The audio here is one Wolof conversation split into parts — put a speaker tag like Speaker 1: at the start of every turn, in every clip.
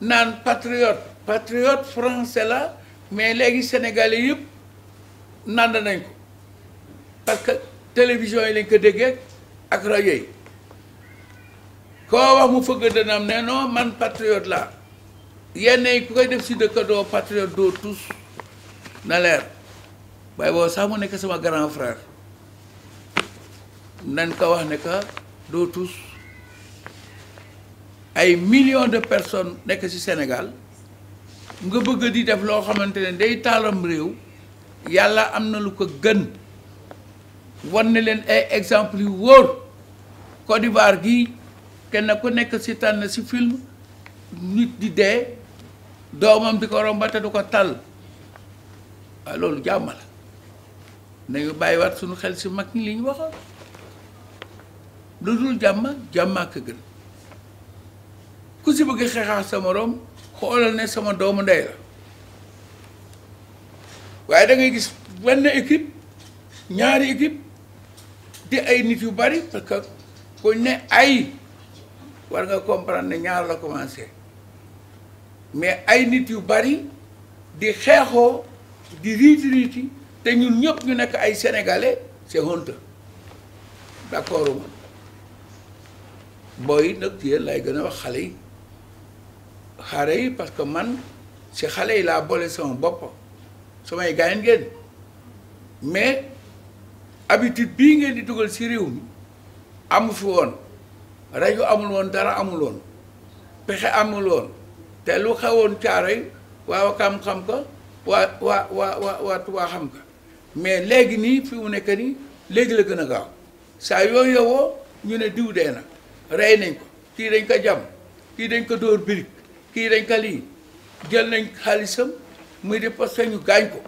Speaker 1: naan patriote patriote français la mais léegi sénégalais yëpp nand nañ ko parce que télévision yi lañ ko déggee ak rajo yi koo wax mu fëgg dënam ne man patriote la yenn yi ku koy def si dëkkadoo patriote doo tous na leer waaye boobu sax mu nekk sama grand frère nañ ko wax ne doo tous ay millions de personnes nekk ci Sénégal nga bëgg di def loo xamante day taalam réew yàlla am lu ko gën wan na ay exemple yu Côte d'Ivoire kenn ku film nit di dee doomam di ko romba du ko tal waaw ah, loolu jàmm la nañu suñu xel si mag ñi gën lu si bëgg xeexaat sa moroom xoolal ne sama doomu ndey la waaye da ngay gis benn équipe ñaari équipe di ay nit yu bari parce que ku ne ay war nga comprendre ne ñaar la commencé mais ay nit yu bari di xeexoo di riiti riiti te ñun ñëpp ñu nekk ay sénégalais c'est honteux d'accord booy nag yéen lay gën a wax xale yi. xare yi parce que man si xale yi laa boole sama bopp samay gaañ ngeen mais habitude bii ngeen di dugal si réew mi amu fi woon rajo amul woon dara amul woon pexe amul woon te lu xewoon caaro yi waa Wakaam xam ko waa waa waa waa Tuubaa xam ko mais léegi nii fi mu nekk nii léegi la gën a gaaw saa yooyu yowoo ñu ne diw dee na rey nañ ko kii dañ ko jam kii dañ ko dóor birig lii dañ ko lii jël nañ xaalisam muy di parce que ñu gaañ ko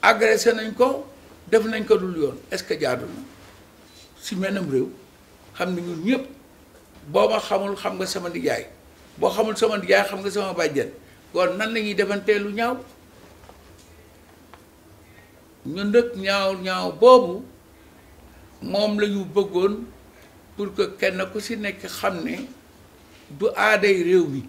Speaker 1: agressé nañ ko def nañ ko dul yoon est-ce que jaadu na si menam réew xam ne ñun ñëpp xam nga sama nijaay boo xamul sama nijaay xam nga sama bàjjen kon nan la ñuy defantee lu ñaaw ñun nag ñaaw boobu moom la bëggoon pour que kenn ku si nekk xam ne du aaday réew mi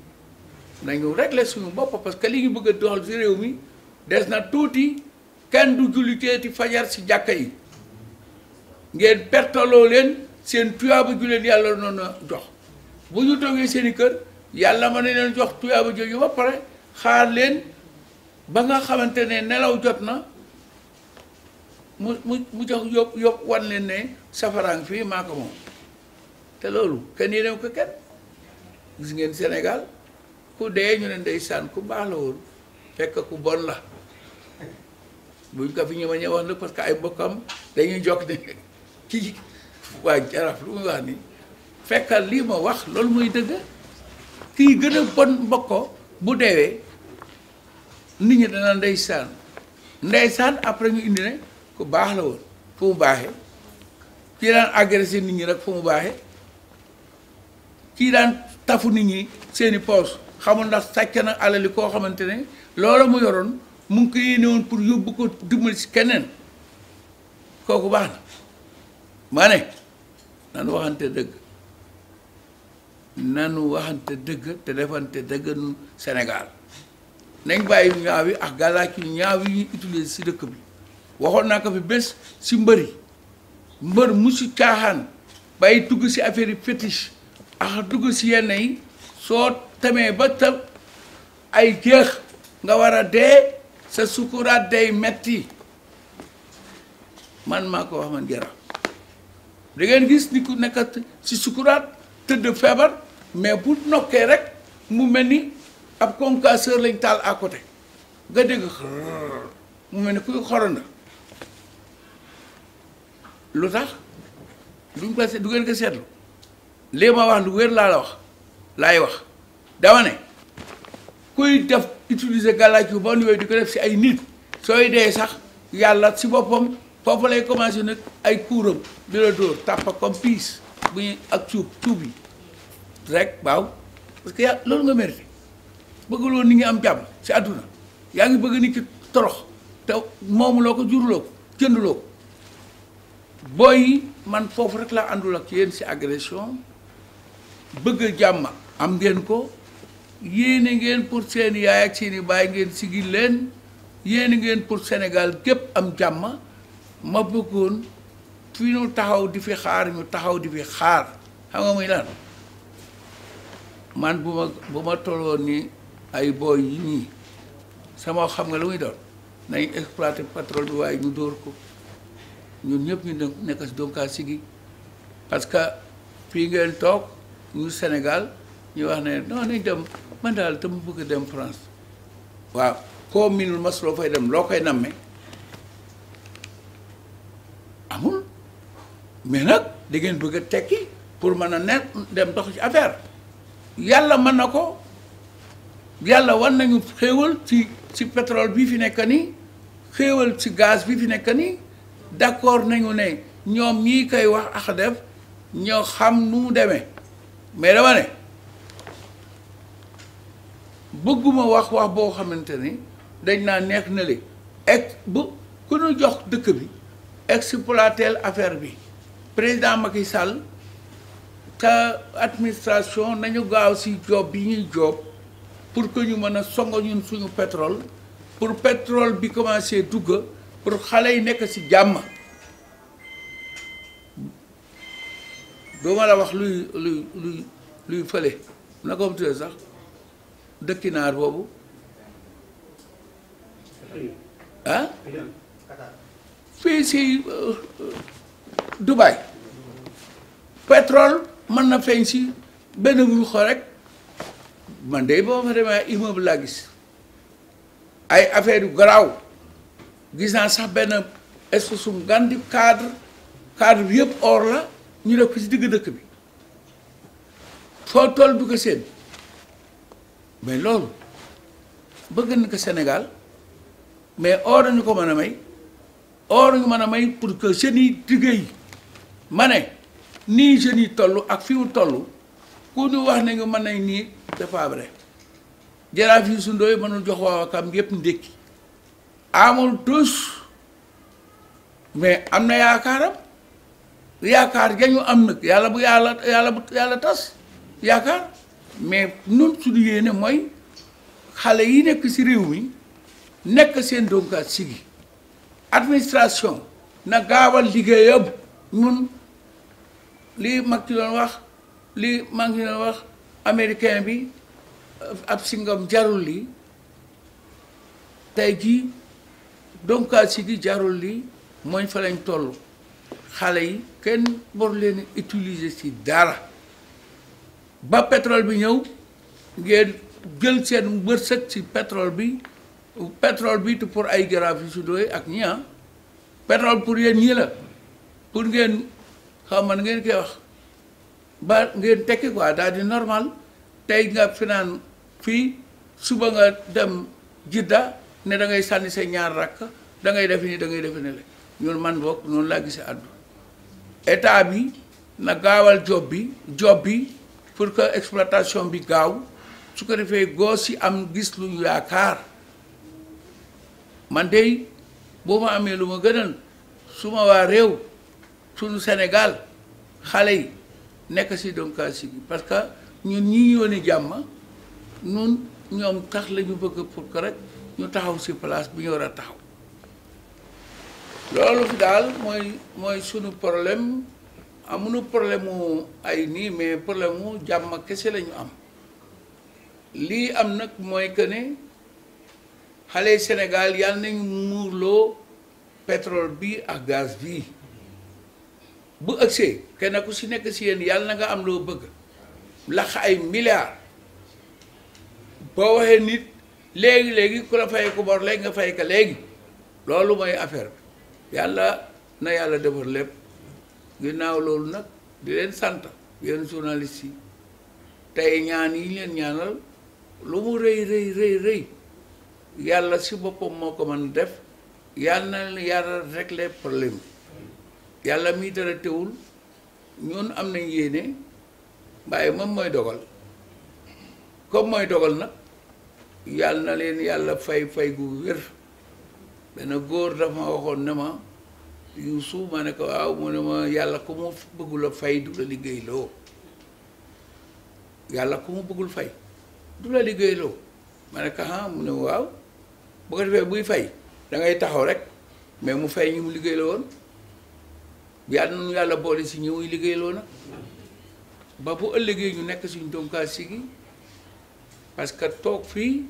Speaker 1: nañu régler suñu bopp parce que li ñu bëgg a doxal si réew mi des na tuuti kenn du jullitee ci fajar si jàkka yi ngeen pertaloo leen seen tuyaaba ju leen yàlla noonu jox bu ñu toogee seeni kër yàlla mën ne leen jox tuyaaba jooju ba pare xaar leen ba nga xamante ne nelaw jot na mu mu mu jox yóbbu yóbbu wan leen ne safaraang fii maa ko te loolu kenn yéenew ko kenn gis ngeen senegal ku dee ñu ne ndeysaan ku baax la woon fekk ku bon la buñ ko fi ñu ma ñëw wax nag parce que ay bokkam dañuy jokk ne kii waa jaraf lu muy wax ni fekkal lii ma wax loolu muy dëgg kii gën a bon mbokko bu deewee nit ñi dana ndeysaan ndeysaan après ñu indi ne ku baax la woon fu mu baaxee kii daan agressé nit ñi rek fu mu baaxee kii daan tafu nit ñi seeni poche xamul ndax sàcc na alali koo xamante ne loola mu yoroon mu ngi ko yéene pour yóbbu ko dimbali si keneen kooku baax na maa nanu waxante dëgg nanu waxante dëgg te defante dëgg nu Sénégal nañ bàyyi ñaaw yi ak gàllaaj yu ñaaw yi ñuy si dëkk bi waxoon naa ko fi bés si mbër yi mbër musu caaxaan bàyyi dugg si affaire yi fétiche ak dugg si yenn yi soo tamee ba tëb ay jeex nga war a dee sa sukuraat day metti man maa ko wax man Guéra da gis ni ku nekk ci sukuraat tëdd feebar mais bu nokkee rek mu mel ni ab concasseur lañ taal à côté nga dégg mu mel ni kuy xoronda lu tax duñ ko du ngeen ko seetlu lii ma wax lu wér laa la wax laay wax dama ne kuy def utiliser gàllaaj bu bon yooyu di ko def si ay nit sooy dee sax yàlla si boppam foofu lay commencé nag ay kuuram di la dóor tàppa comme piis bu ñuy ak cuub cuub yi rek waaw parce que yàlla loolu nga mérité bëggul woon nit ñi am jàmm si àdduna yaa ngi bëgg nit ki torox te moomu loo ko juruloo ko jënduloo ko booy man foofu rek laa àndul ak yéen si agression bëgg jàmma am ngeen ko yéene ngeen pour seen yaay ak seen baay ngeen sigil leen yéene ngeen pour senegal gépp am jàmm ma bëggoon fi ñu taxaw di fi xaar ñu taxaw di fi xaar xam nga muy lan man bu ma bu ma tolloon ni ay booy yi nii sama xam nga lu muy doon nañ exploité pétrole bi waaye ñu dóor ko ñun ñëpp ñu nekk si donkaa sigi parce que fii ngeen toog ñu senegal ñu wax ne non nañ dem man daal dama bëgg dem France waaw koo minul mas loo fay dem loo koy nammee amul mais nag da ngeen bëgg a tekki pour mën a ne dem dox ci affaire yàlla mën na ko yàlla wan nañu xéewal ci ci pétrole bi fi nekk nii xéewal ci gaz bi fi nekk nii d'accord nañu ne ñoom ñii koy wax ak def ñoo xam nu mu demee mais dama ne bëgguma wax wax boo xamante ni dañ naa neex na le ex bu ku ñu jox dëkk bi exploiteel affaire bi président Macky Sall te administration nañu gaaw si job bi ñuy job pour que ñu mën a songo ñun suñu pétrole pour pétrole bi commencé dugg pour xale yi nekk si jàmm doo ma la wax luy luy luy luy fële na ko sax dëkki naar boobu ah fii si euh, Dubaï pétrole mën na feeñ si benn bu rek man de boo ma demee immeuble laa gis ay affaire yu garaaw gis naa sax benn espèce su ngan cadre cadre bi yëpp or la ñu def ko si digg dëkk bi foo toll du ko seen mais loolu bëgg na ko Sénégal mais or ñu ko mën a may or ñu mën a may pour que jeunes yi liggéey ma ne nii jeunes yi toll ak fi mu toll ku ñu wax ni ñu mën nañ nii c'est pas vrai jaraaf yi mënul jox waa Wakam yëpp ndékki amul tous mais am na yaakaaram yaakaar jañu am nag yàlla bu yàlla yàlla bu yàlla tas yaakaar mais nun suñu yéene mooy xale yi nekk si réew mi nekk seen donkaat sigi administration na gaawal liggéeyam ñun li mag ci doon wax li mag ci doon wax américain bi ab ngam jarul lii tey jii donkaat di jarul li mooy fa lañ toll xale yi kenn war leen utiliser si dara ba pétrole bi ñëw ngeen jël seen wërsëg ci pétrole bi petrole bi tu pour ay garab yu su doy ak ñi ah pour yéen ñii la pour ngeen xaw man ngeen koy wax ba ngeen tekki quoi daal di normal tey nga finaan fii suba nga dem jidda ne da ngay sànni sa ñaar rakk da ngay def nii da ngay def ne la ñun man boog noonu laa gisee àdduna état bi na gaawal job bi job bi pour que exploitation bi gaaw su ko defee goos yi am gis lu ñu yaakaar man dey boo ma amee lu ma gënal su ma waa réew suñu Sénégal xale yi nekk si donkaasi bi parce que ñun ñi yooni jàmm nun ñoom tax la bëgg pour que rek ñu taxaw si place bi ñu war a taxaw loolu fi daal mooy mooy sunu problème amunu problème mu ay nii mais problème mu jàmm kese lañu am lii am nag mooy que ne xale Sénégal yàlla nañu muurloo pétrole bi ak gaz bi bu ëgsee kenn ku si nekk si yéen yàlla na nga am loo bëgg lax ay milliards boo waxee nit léegi léegi ku la fay ko bor léegi nga fay ka léegi loolu mooy affaire bi yàlla na yàlla defar lépp. ginnaaw loolu nag di leen sant yéen journaliste yi tey ñaan yi leen ñaanal lu mu rëy rëy rëy yàlla si boppam moo ko mën def yàlla na yàlla régler yàlla mi dara am nañ yéene waaye moom mooy dogal comme mooy dogal nag yàlla na leen yàlla fay fay gu wér benn góor dafa waxoon ne ma Youssou ma ne ko waaw mu ne ma yàlla ko mu bëggul a fay du la liggéeyloo yàlla ku mu bëggul fay du la liggéeyloo ma ne ko ah mu waaw bu defee buy fay dangay taxaw rek mais mu fay ñu mu liggéeyloo woon yàlla boole si ñëw liggéeyloo nag ba bu ëllëgee ñu nekk suñu donkaas si gi parce que toog fii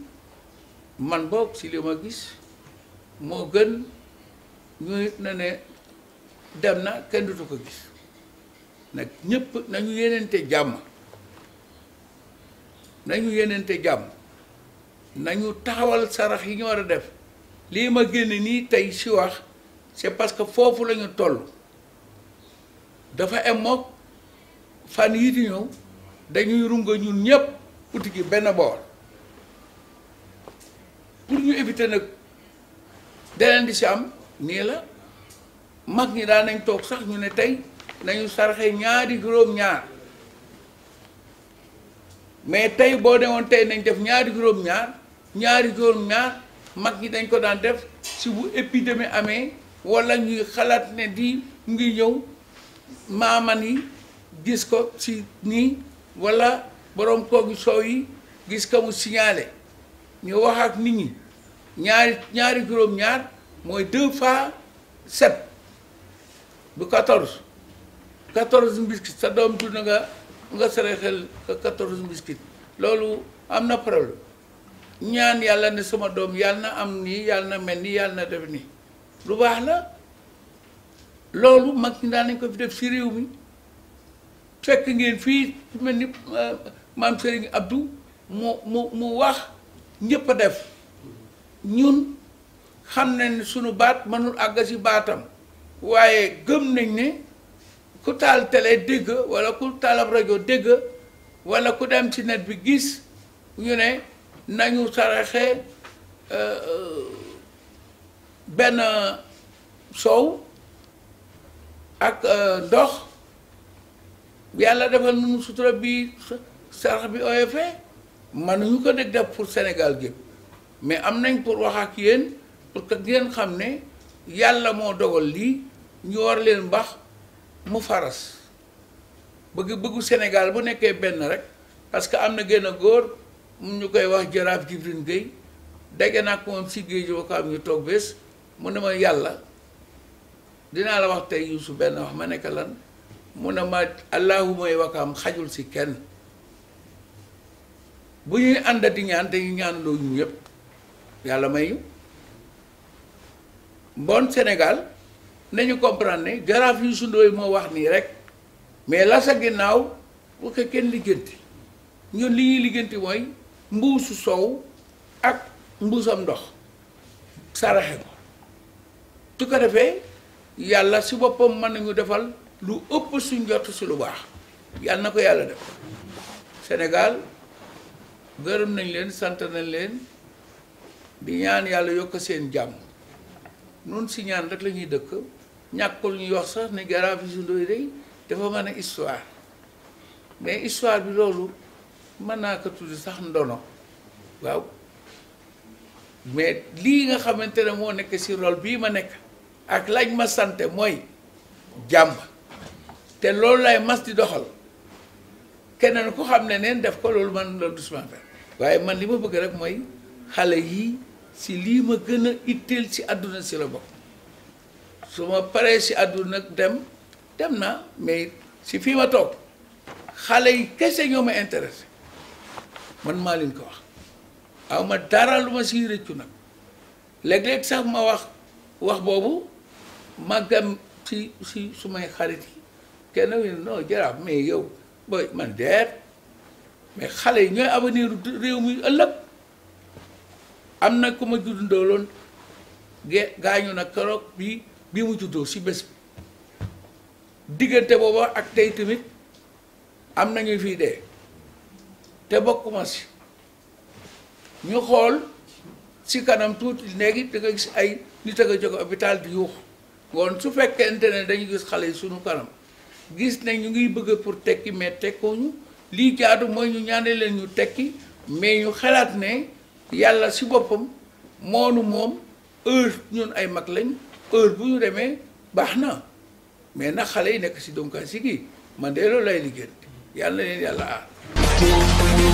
Speaker 1: man boog si li ma gis moo gën ñu nit ne. dem na kenn dutu ko gis nag ñëpp nañu yenente jàmm nañu yenente jàmm nañu taxawal sarax yi ñu war a def lii ma génn nii tey si wax c'est parce que foofu lañu toll dafa am mook fan di ñëw dañuy runga ñun ñëpp uti gi benn bool pour ñu éviter nag deneen di si am nii la mag ñi daan nañ toog sax ñu ne tey nañu sarxe ñaari juróom-ñaar mais tey boo demoon tey nañ def ñaari juróom-ñaar ñaari juróom-ñaar mag ñi dañ ko daan def si bu épidémie amee walla ñuy xalaat ne di ngi ñëw maaman yi gis ko si nii wala borom koogi soow yi gis ko mu ñu wax ak nit ñi ñaari ñaari juróom-ñaar mooy deux fois sept du 14 14 biscuit sa doom tudd nga nga sere xel 14 biscuit loolu am na problème ñaan yàlla ne sama doom yàlla na am nii yàlla na mel def nii lu baax la loolu mag ñi daan nañ ko fi def si réew mi fekk ngeen fii mel ni euh, Serigne Abdou wax def ñun baat baatam waaye gëm nañ ni ku taal télé dégg wala ku taalab rajo dégg wala ku dem ci net bi gis ñu ne nañu saraxe euh, euh, benn soow ak euh, ndox yàlla defal nu sutura bi sarax bi oyofe mënuñu ko def pour Sénégal gépp mais am nañ pour wax ak yéen pour que ngeen xam ne yàlla moo dogal lii ñu war leen mbax mu faras bëgg bëggu Sénégal bu nekkee benn rek parce que am na génn a góor ñu koy wax jaraaf Jibril Gueye dégg naa ko moom si géej ko am ñu toog bés mu ne ma yàlla dinaa la wax tey Youssou benn wax ma nekk lan mu ne ma allahuma wakaam xajul si kenn bu ñuy àndati ñaan te ñu ñaan loo ñu yëpp yàlla may ñu bon Sénégal nañu comprendre ne garaaf yu sundooy moo wax nii rek mais la sa ginnaaw bu kenn liggéenti ñun li ñuy liggéenti mooy mbuusu soow ak mbuusam ndox saraxe ko su ko defee yàlla si boppam mën nañu defal lu ëpp suñ jot si lu baax yàlla na ko yàlla def Sénégal gërëm nañ leen sant nañ leen di ñaan yàlla yokk seen jàmm noonu si ñaan rek la dëkk ñàkkul ñuy wax sax ne Gara Bijou Ndoye day dafa mën a histoire mais histoire bi loolu mën naa ko tudd sax ndono waaw mais lii nga xamante ne moo nekk ci role bii ma nekk ak lañ ma sante mooy jàmm te loolu lay mas di doxal keneen ku xam ne neen def ko loolu man loolu doucement waaye man li ma bëgg rek mooy xale yii si lii ma gën a itteel si àdduna ci la bokk su ma paree si àdduna nag dem dem na mais si fii ma toog xale yi kese ñoo ma intéressé man maa leen ko wax aw ma dara lu ma siy rëccu nag léeg-léeg sax ma wax wax boobu ma gam si su may xarit yi kenn wi non jaraaf mais yow booy man deet mais xale yi ñooy avenir réew mi ëllëg am na ku ma juddandoo loon ge gaañu na keroog bii bi mu juddoo ci bés bi diggante booba ak tey tamit am nañu fiy dee te bokkuma si ñu xool si kanam tuuti léegi da nga gis ay nit a nga jóge hôpital di yuux ngoon su fekkente ne dañu gis xale yi sunu kanam gis ne ñu ngiy bëgg pour tekki mais ñu lii jaadu mooy ñu ñaane leen ñu tekki mais ñu xalaat ne yàlla si boppam moonu moom heure ñun ay mag lañ heure bu ñu demee baax na mais nag xale yi nekk si si gi man delloo loolu lay liggéey yàlla na leen yàlla aar